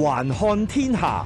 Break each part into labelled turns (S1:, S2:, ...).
S1: 還看天下。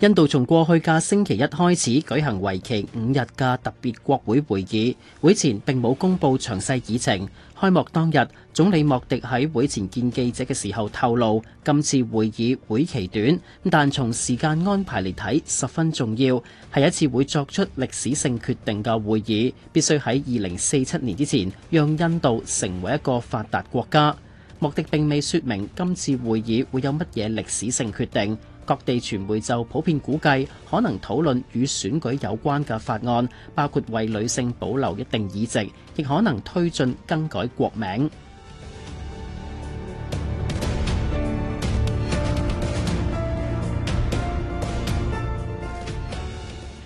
S1: 印度從過去嘅星期一開始舉行為期五日嘅特別國會會議，會前並冇公布詳細議程。開幕當日，總理莫迪喺會前見記者嘅時候透露，今次會議會期短，但從時間安排嚟睇十分重要，係一次會作出歷史性決定嘅會議，必須喺二零四七年之前讓印度成為一個發達國家。莫迪並未說明今次會議會有乜嘢歷史性決定。各地傳媒就普遍估計，可能討論與選舉有關嘅法案，包括為女性保留一定議席，亦可能推進更改國名。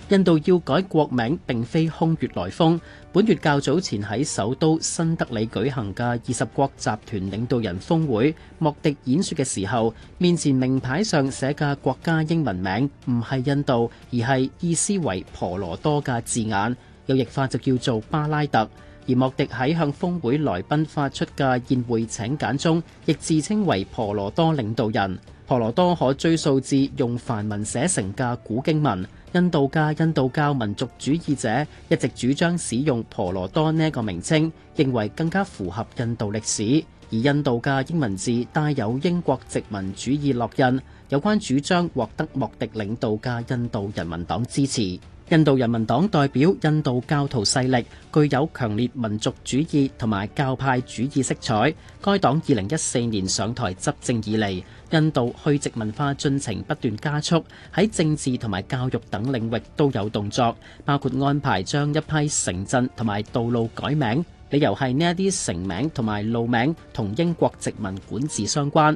S1: 印度要改國名並非空穴來風，本月較早前喺首都新德里舉行嘅二十國集團領導人峰會，莫迪演說嘅時候，面前名牌上寫嘅國家英文名唔係印度，而係意思為婆羅多嘅字眼，有譯法就叫做巴拉特。而莫迪喺向峰會來賓發出嘅宴會請柬中亦自稱為婆羅多領導人。婆羅多可追溯至用梵文寫成嘅古經文。印度嘅印度教民族主義者一直主張使用婆羅多呢個名稱，認為更加符合印度歷史。而印度嘅英文字帶有英國殖民主義烙印，有關主張獲得莫迪領導嘅印度人民黨支持。印度人民黨代表印度教徒勢力，具有強烈民族主義同埋教派主義色彩。該黨二零一四年上台執政以嚟，印度去殖文化進程不斷加速，喺政治同埋教育等領域都有動作，包括安排將一批城鎮同埋道路改名，理由係呢一啲城名同埋路名同英國殖民管治相關。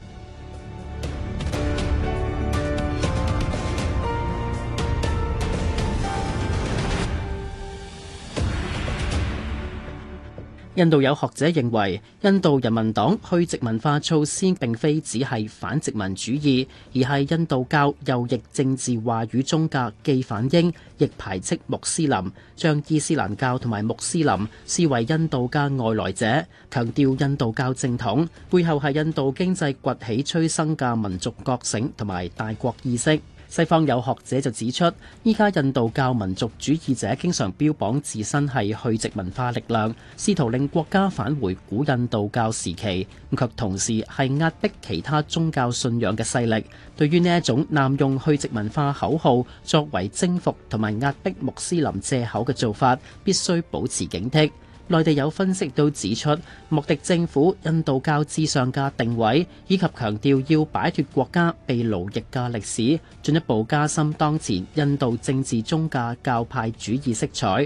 S1: 印度有學者認為，印度人民黨去殖文化措施並非只係反殖民主義，而係印度教右翼政治話語中格既反英亦排斥穆斯林，將伊斯蘭教同埋穆斯林視為印度嘅外來者，強調印度教正統背後係印度經濟崛起催生嘅民族覺醒同埋大國意識。西方有學者就指出，依家印度教民族主義者經常標榜自身係去殖文化力量，試圖令國家返回古印度教時期，卻同時，係壓迫其他宗教信仰嘅勢力。對於呢一種濫用去殖文化口號作為征服同埋壓迫穆斯林借口嘅做法，必須保持警惕。內地有分析都指出，莫迪政府印度教至上嘅定位，以及強調要擺脱國家被奴役嘅歷史，進一步加深當前印度政治中嘅教、教派主義色彩。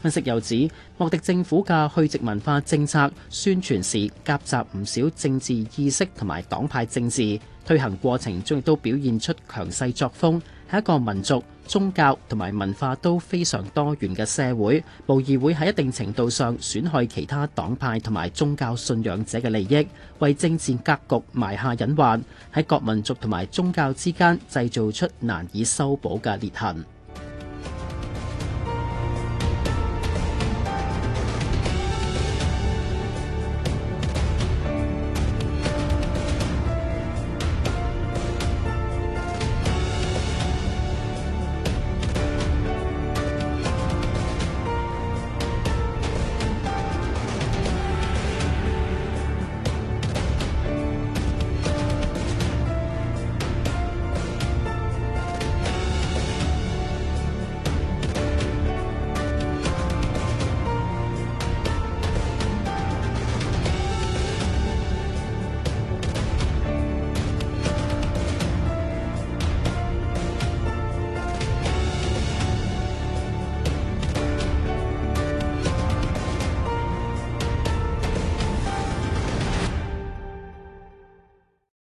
S1: 分析又指，莫迪政府嘅去殖文化政策宣傳時，夾雜唔少政治意識同埋黨派政治，推行過程中亦都表現出強勢作風，係一個民族、宗教同埋文化都非常多元嘅社會，無疑會喺一定程度上損害其他黨派同埋宗教信仰者嘅利益，為政治格局埋下隱患，喺各民族同埋宗教之間製造出難以修補嘅裂痕。